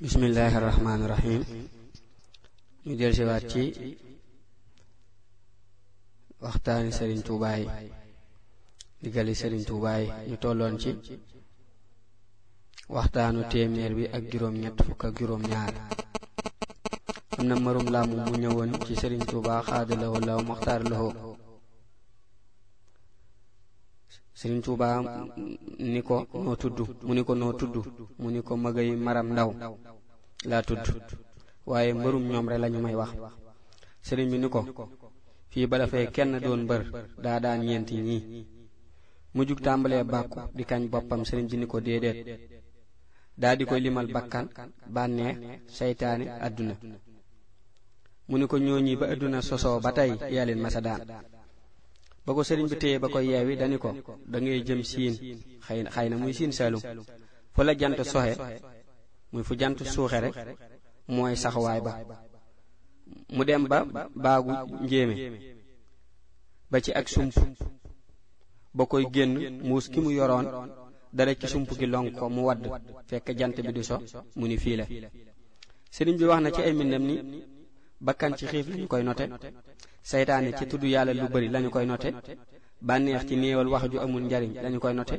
bismillahi irrahmaani irrahim ñu del siwaat ci waxtaani sëriñ tuubaa yi diggali sëriñ ñu tolloon ci waxtaanu téeméer bi ak juróom ñett fukk ak juróom ñaar am na marum laamu mu ñëwoon ci sëriñ tuubaa xaadalawo law maxtaar lawo Sëriñ Tuuba ni ko noo tudd mu ni ko noo tudd mu ni ko magay maram ndaw laa tudd waaye mbërum ñoom rek lañu may wax sëriñ bi ni ko fii ba fa kenn doon mbër daa daan ñeenti ñii mu jug tàmbalee bàkku di kañ boppam sëriñ bi ni ko déedéet daa di koy limal bakkan bànneex seytaane àdduna mu ni ko ñooñi ba àdduna sosoo ba tey yaa leen masa daan ba ko sëriñ bi téye ba koy yeewi dani ko da ngay jëm siin xëy xëy na muy siin saalum fu la jant soxe muy fu jant suuxe rek mooy saxawaay ba mu dem ba baagu njéeme ba ci ak sump ba koy génn muus ki mu yoroon dara ci sump gi lonk ko mu wadd fekk jant bi di so mu ni fii la sëriñ bi wax na ci ay mbindam ni bakkan ci xiif lañu koy note seytaane ci tudd yàlla lu bari lañu koy note bànneex ci néewal wax ju amul njariñ lañu koy note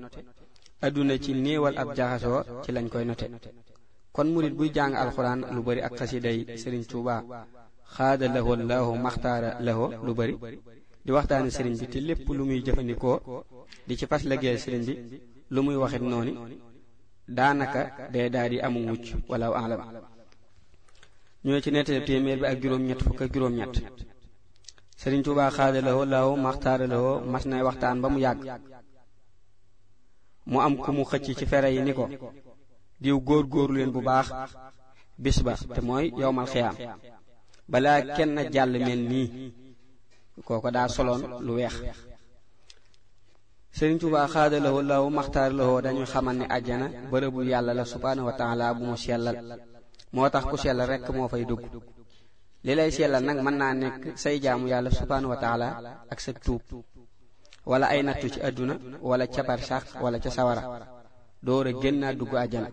adduna ci néewal ab jaxasoo ci lañ koy note kon murit buy jàng alxuraan lu bari ak xasiday sëriñ Tuuba xaada laho laahu maxtaara laho lu bari di waxtaane sëriñ bi te lépp lu muy jëfandikoo di ci fas liggéey sëriñ bi lu muy waxit noonu daanaka day daal di amu mucc wala alam ñoo ci nettali téeméer bi ak juróom-ñett fukk ak juróom-ñett Sëriñ Tuubaa xaadalawoo law maxtaaralawoo mas nay waxtaan ba mu yàgg mu am ku mu xëcc ci fere yi ni ko diw góor góoru leen bu baax bis ba te mooy yowmal xiyaam balaa kenn jàll mel nii kooko daa soloon lu weex Sëriñ Tuubaa xaadalawoo law maxtaaralawoo dañu xamal ne àjjana bërëbul yàlla la subhaanahu wa taala bu mu sellal moo tax ku sell rekk moo fay dugg li lay sellal nag mën naa nekk say jaamu yàlla subhaanahu wa taala ak sa tuub wala ay nattu ci àdduna wala ca barsax wala ca sawara door a génn naa dugg àjjana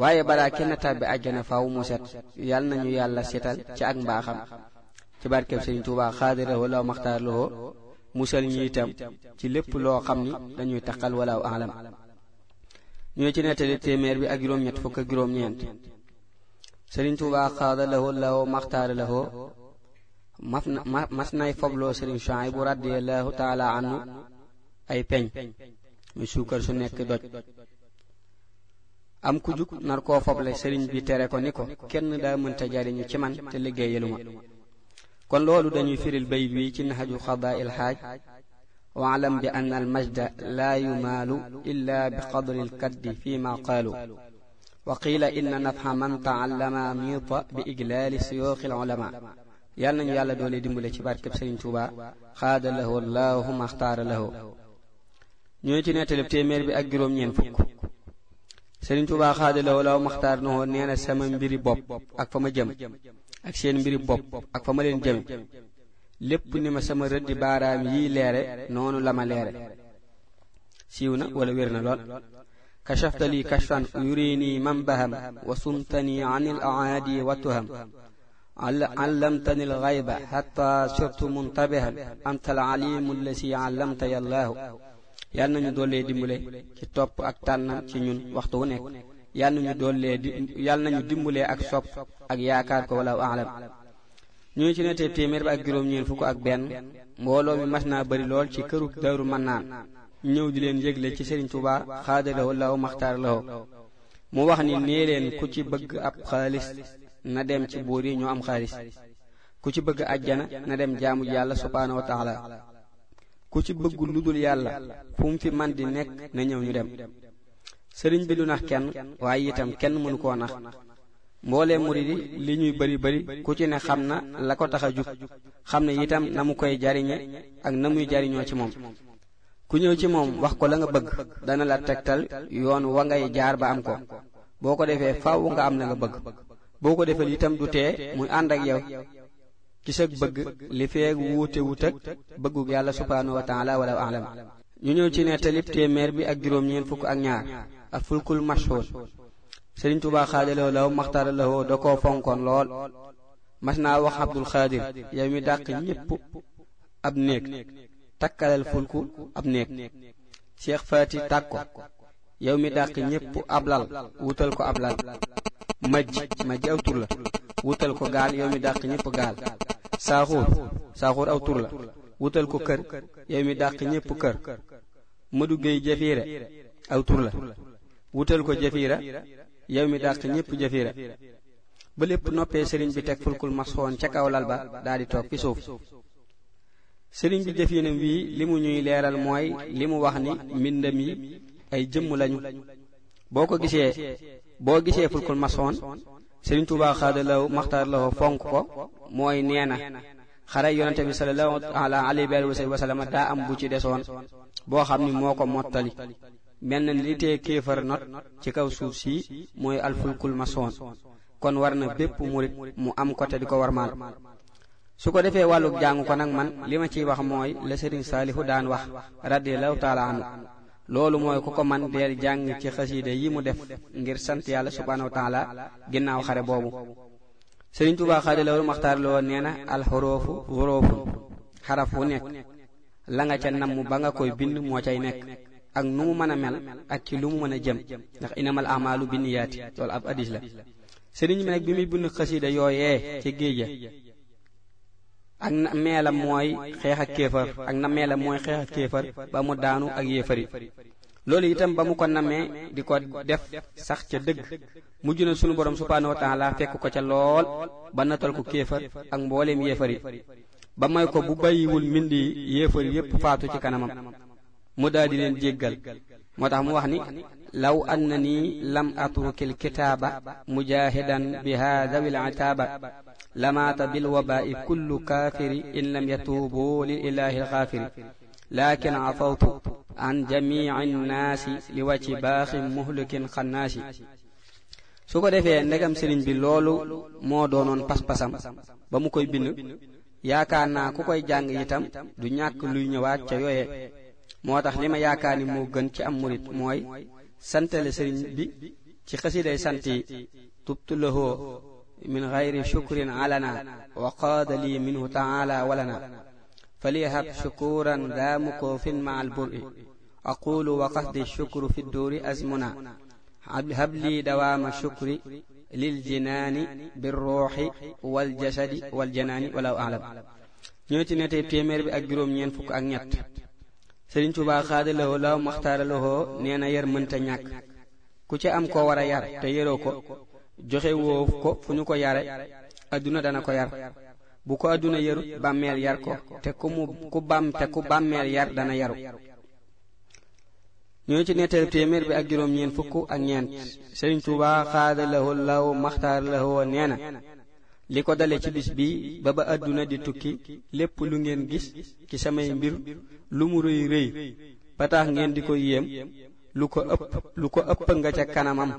waaye balaa kenn tàbbi àjjana faw mu set yàlla nañu yàlla setal ci ak mbaaxam ci barkeb Sëriñ Tuubaa xaadirahu law maxtaarloo musal ñi itam ci lépp loo xam ni dañuy taqal walaaw alam ñoo ci nettali téeméer bi ak juróom-ñett juróom-ñeent sëriñ Tuubaa xaada lahoo lahoo maxtaara lahoo maf na mas nay fobloo sëriñ Suhaybu radiyallahu taala anhu ay peñ muy suukar su nekk doj am ku jug nar koo foble sëriñ bi tere ko ni ko kenn daa mënta jariñu ci man te liggéeyalu ma kon loolu dañuy firil bay bi ci naxaju xadaa'il xaaj waalam bi ann almajda laa yumaalu illa bi qadri alkaddi fi ma qaalu wa qiila inna nafha man taallama miita bi iglaali siyooxi alulama yàlla nañu yàlla doole dimbale ci barkeb sëriñ Tuuba xaada lahu llaahu maxtaara lahu ñooy ci nettalib téeméer bi ak juróom-ñeent fukk sëriñ Tuuba xaada lahu laahu maxtaara lahu nee na sama mbiri bopp ak fa ma jëm ak seen mbiri bopp ak fa ma leen jëme lépp ni ma sama rëddi baaraam yii leere noonu la ma leere siiw na wala wér na lool kashafta lii kashfan yurini man baham wa sumtani an il aadi wa tuham allamtani al ghayba hatta surtu muntabihan anta al alimu allasi allamta yallaahu yal nañu doollee ci topp ak tànnam ci ñun waxtu wu nekk yal nañu doollee di yal nañu dimbalee ak sopp ak yaakaar alam ñu ngi ci nettee téeméer bi ak juróom-ñeent fukk ak benn mbooloo mi mas naa bari lool ci këru Daaru Mannaan ñëw di leen yëgle ci Sëriñ Tuubaa xaadalawo law maxtaar lawo mu wax ni nee leen ku ci bëgg ab xaalis na dem ci buur yi ñoo am xaalis ku ci bëgg ajjana na dem jaamu yàlla subhaanahu wa taala ku ci bëgg lu dul yàlla fu mu fi man di nekk na ñëw ñu dem sëriñ bi du nax kenn waaye itam kenn mënu koo nax mboolee muridi li ñuy bëri bari ku ci ne xam na la ko tax a jub xam ne itam na mu koy jariñe ak na muy jariñoo ci moom ku ñëw ci moom wax ko la nga bëgg dana la tegtal yoon wa ngay jaar ba am ko boo ko defee faaw nga am na nga bëgg boo ko defee itam du tee muy ànd ak yow ci sa bëgg li feeg wuute wut ak bëggug yàlla subhaanahu wa taala wala alam ñu ñëw ci nettali téeméer bi ak juróom-ñeent fukk ak ñaar ak fulkul mashhur Sëriñ Tuubaa xaadalewoo law maxtaara lawoo da koo fonkoon lool mas naa wax Abdul Xaadir yow mi dàq ñépp ab néeg takkalal fulku ab néeg Cheikh Faati tàg ko yow mi dàq ñépp ab lal wutal ko ab lal majj majj aw tur la wutal ko gaal yow mi dàq ñépp gaal saaxuur saaxuur aw tur la wutal ko kër yow mi dàq ñépp kër Madu Géy Jafiira aw tur la wutal ko Jafiira yow mi dàq ñépp jëfiira ba lépp noppee sëriñ bi teg fulkul masxoon ca kaw lal ba daldi toog fi suuf sëriñ bi jëfinam wii li mu ñuy leeral mooy li mu wax ni mbindam yi ay jëmm lañu boo ko gisee boo gisee fulkul masxoon sëriñ Tuubaa xaada law maxtaar law fonk ko mooy nee na xare yonente bi la alayhi wa sallam daa am bu ci desoon boo xam ni moo ko mottali mel na ni li tee kéefar not ci kaw suuf si mooy alfulkul masoon kon war na bépp murit mu am ko te di ko warmaal su ko defee wàllug jàngu ko nag man li ma ciy wax mooy la sëriñ saalihu daan wax radiallahu taala anhu loolu mooy ku ko man deel jàng ci xasiida yi mu def ngir sant yàlla subhanahu wa taala ginnaaw xare boobu sëriñ Tuubaa xaadi lawul maxtaar loo nee na alxuroofu xuroofun xaraf wu nekk la nga ca namm ba nga koy bind moo cay nekk ak nu mu mën a mel ak ci lu mu mën a jëm ndax inamal amalu bi niyaati loolu ab hadis la sëriñ bi nag bi muy bind xasida yooyee ca géeja ak na meelam mooy xeex ak kéefar ak na meelam mooy xeex ak kéefar ba mu daanu ak yéefari loolu itam ba mu ko namee di ko def sax ca dëgg mujj na sunu borom subhaanahu wa taala fekk ko ca lool ba natal ko kéefar ak mbooleem yéefari ba may ko bu bàyyiwul mbind yi yéefar yépp faatu ci kanamam mu daal di leen jéggal moo tax mu wax ni law annani lam atrukil kitaaba mujahidan bi haadawil ataaba lamaata bil wabaa'i kullu kaafiri in lam yatuubu lil ilaahi alxaafiri laakin afawtu an jamii nnaasi li wàcci baaxi muhlikin xannaasi su ko defee ndegam sëriñ bi loolu moo doonoon pas-pasam ba mu koy bind yaakaar naa ku koy jàng itam du ñàkk luy ñëwaat ca yooye moo tax li ma yaakaar ni moo gën ci am murit mooy santale sëriñ bi ci xasiday sant yi tubtu lahoo min xayri shukrin alana wa qaada lii minhu taala walana falihab shukuran daa mukoofin ma alburi aqulu wa qasdi shukru fi duuri azmuna hab lii dawaama shukri lil jinaani bir ruuxi wal jasadi wal janaani walaw alam ñoo ci netee téeméer bi ak juróom ñeent fukk ak ñett Sëriñ Tuubaa xaadalawoo law maxtaaralawoo nee na yar mënta ñàkk ku ci am ko war a yar te yaroo ko joxe woo ko fu ñu ko yare adduna dana ko yar bu ko adduna yaru bàmmeel yar ko te ku mu ku bam te ku bàmmeel yar dana yaru ñoo ci nettali téeméer bi ak juróom ñeent fukk ak ñeent Sëriñ Tuubaa xaadalawoo law maxtaaralawoo nee na li ko dale ci bis bi ba ba àdduna di tukki lépp lu ngeen gis ci samay mbir lu mu rëy rëy ba tax ngeen di ko yéem lu ko ëpp lu ko ëpp nga ca kanamam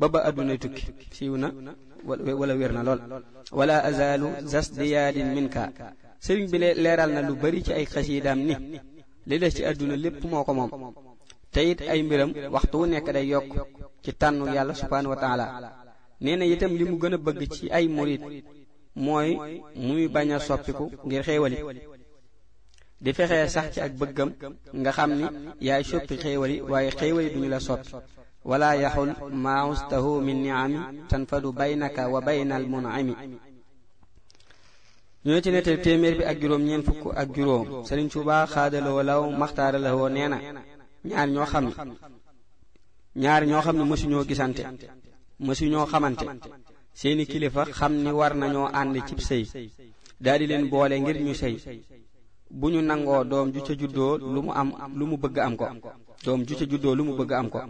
ba ba àdduna tukki siiw na wala wér na lool wala azalu zasdiyaadin minka sëriñ bi leeral na lu bari ci ay xasiidaam ni li des ci àdduna lépp moo ko moom te it ay mbiram waxtu wu nekk day yokk ci tànnu yàlla subhaanahu wa nee na li mu gën bëgg ci ay murit mooy muy bañ a soppiku ngir xéewali di fexee sax ci ak bëggam nga xam ni yaay soppi xéewali waaye xéewali duñu la soppi wala yaxul maa ustahu min niami tanfadu baynaka wa bayna al munami ñoo ci nettal téeméer bi ak juróom ñeent fukk ak juróom Sëriñ Tuubaa xaadaloo law maxtaara la woo nee na ñaar ñoo xam ne ñaar ñoo xam gisante mësu ñoo xamante seeni kilifa xam ni war nañoo ànd cib sëy daldi leen boole ngir ñu sëy bu ñu nangoo doom ju ca juddoo lu mu am lu mu bëgg am ko doom ju ca juddoo lu mu bëgg am ko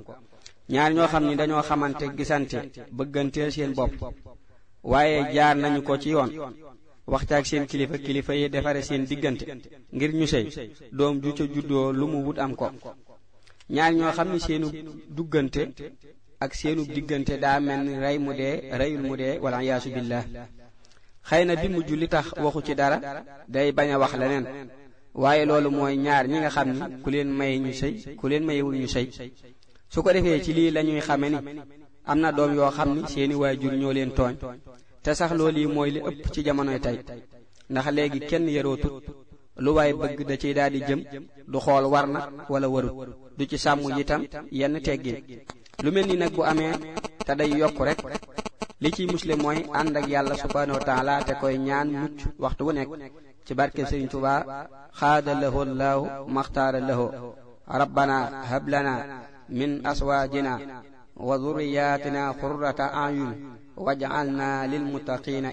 ñaar ñoo xam ni dañoo xamante gisante bëgganteel seen bopp waaye jaar nañu ko ci yoon waxta ak seen kilifa kilifa yi defare seen diggante ngir ñu sëy doom ju ca juddoo lu mu wut am ko ñaar ñoo xam ni seenu duggante ak seenu diggante daa mel ni rey mu dee reyul mu dee wala yaasu billah xëy na bi mujj li tax waxu ci dara day bañ a wax leneen waaye loolu mooy ñaar ñi nga xam ni ku leen maye ñu sëy ku leen mayewul ñu sëy su ko defee ci lii la ñuy xame ni am na doom yoo xam ni seeni waajur ñoo leen tooñ te sax loolu yi mooy li ëpp ci jamonoy tey ndax léegi kenn yarootul lu waaye bëgg da ciy daal di jëm du xool war na wala warut du ci sàmm itam yenn teggin lu mel ni nag bu amee te day yokk rek li ciy musle mooy ànd ak yàlla subhanahu wa taala te koy ñaan mucc waxtu wu nekk ci barke Sëriñ Tuubaa xaada lahu llahu maxtaara lahu rabbana hab lana min aswaajina wa zurriyaatina qurrata a'yun waj'alna lil muttaqina